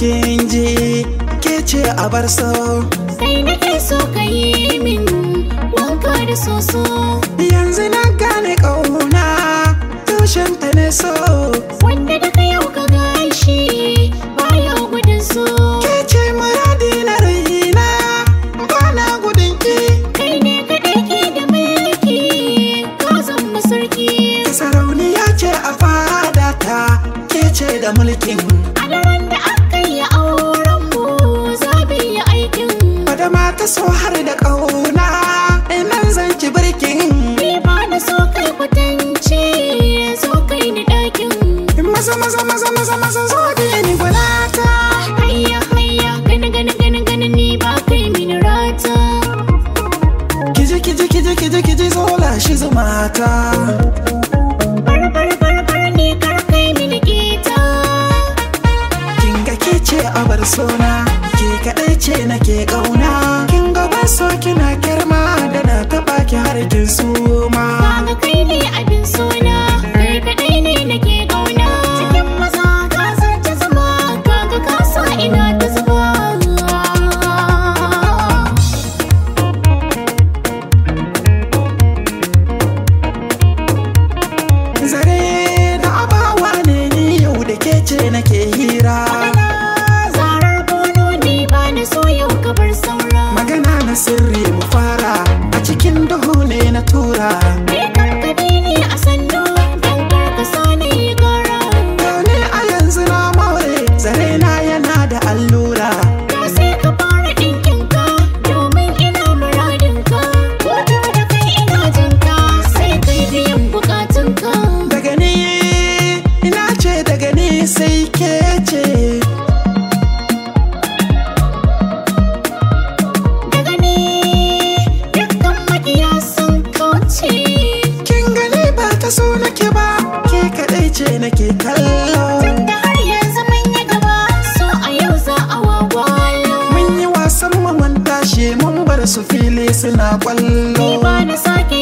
kin ji ke ce a bar so sai nake so ka yi min wanka da soso yanzu na gane kauna tushen ta ne so wanda daga yau ka gashi baya gudun so ke ce muradi na raina bana gudun ki kai ne ka dake da mulki ka zama sarki sarauniya ce a fadata ke ce da mulkin maza maza maza kinga ke kadai ce nake ƙauna. kinga ba so kina kirma da na taba ki har kin kece Daga ni dukkan maƙiya sun kauce Kin gani ba ta so nake ba Ke kaɗai ce nake kallo Tunda har yanzu mun gaba So a yau za a wawala Mun yi wasan mamun tashi mun bar su fili suna kwallo ba na sake